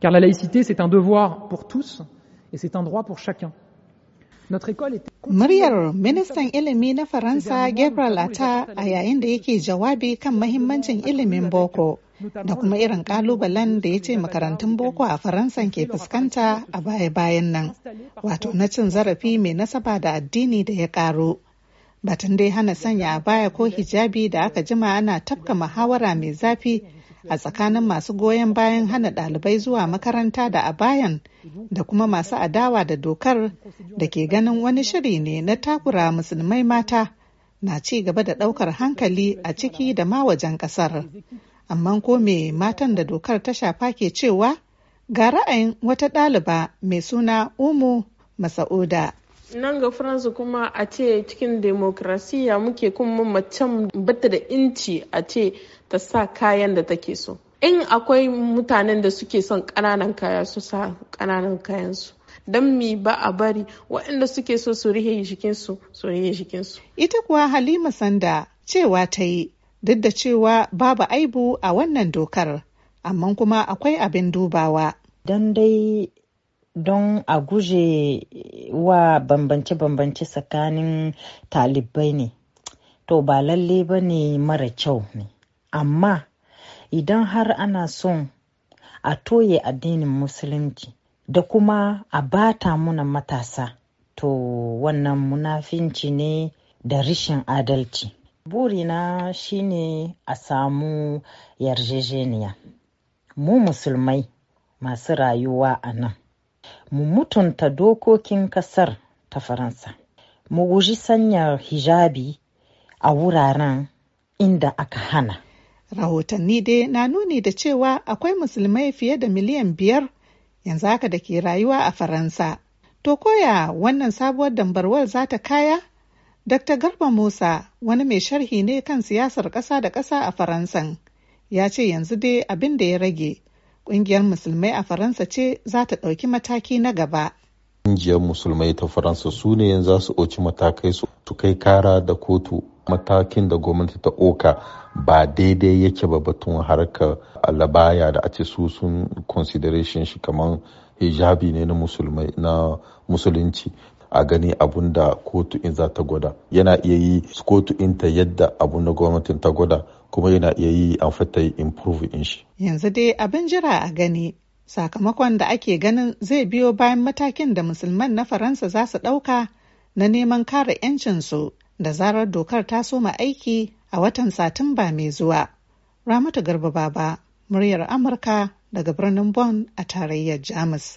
Car la laïcité, c'est un devoir pour tous et c'est un droit pour chacun. Muryar ministan ilimi na Faransa Gabriel Atta a yayin da yake jawabi kan mahimmancin ilimin boko da kuma irin kalubalen da ya ce makarantun boko a faransa ke fuskanta a baya-bayan nan, wato na cin zarafi mai nasaba da addini da ya karu. Batun dai hana sanya a baya ko hijabi da aka jima ana tafka muhawara mai zafi a tsakanin masu goyon bayan hana ɗalibai zuwa makaranta da a bayan da kuma masu adawa da dokar da ke ganin wani shiri ne na takura musulmai mata na ci gaba da ɗaukar hankali a ciki da ma wajen ƙasar. Amma ko me matan da dokar ta shafa ke cewa ga ra'ayin wata ɗaliba mai suna Umu Masa'uda. nan ga faransa kuma a ce cikin demokrasiya muke kuma macen bata da inci a ce ta sa kayan da take so in akwai mutanen da suke son ƙananan kaya su sa ƙananan kayansu don mi ba a bari waɗanda suke so su rihe jikinsu su rihe jikinsu ita kuwa halima sanda cewa ta yi duk da cewa babu aibu a wannan dokar amma kuma akwai abin dubawa don dai don a guje wa bambance-bambance tsakanin talibai ne to ba lalle ba ne mara kyau ne amma idan har ana son a toye addinin musulunci da kuma a bata muna matasa to wannan munafinci ne da rishin adalci burina shine a samu yarjejeniya mu musulmai masu rayuwa a nan mu mutunta dokokin kasar ta faransa mu guji sanya hijabi a wuraren inda aka hana rahotanni dai na nuni da cewa akwai musulmai fiye da miliyan biyar yanzu haka da ke rayuwa a faransa to koya wannan sabuwar dambarwar za ta kaya dr garba musa wani mai sharhi ne kan siyasar ƙasa da ƙasa a faransan ya ce yanzu dai abin da ya rage kungiyar Musulmai a Faransa ce za ta ɗauki mataki na gaba. kungiyar Musulmai ta Faransa su ne za su ɗauki matakai su kai kara da kotu matakin da gwamnati ta oka ba daidai yake ba batun harkar alabaya da a ce su sun consideration shi kamar hijabi ne na musulmai na musulunci a gani abun da kotu in za ta gwada yana iya yi kotu in ta yadda abun da gwamnatin ta gwada kuma yana iya yi amfani ta improve in shi. Yanzu dai abin jira a gani sakamakon da ake ganin zai biyo bayan matakin da musulman na Faransa za su ɗauka na neman kare 'yancinsu da zarar dokar ta soma aiki a watan Satumba mai zuwa. Ramatu Garba Baba, muryar Amurka daga birnin Bonn a tarayyar Jamus.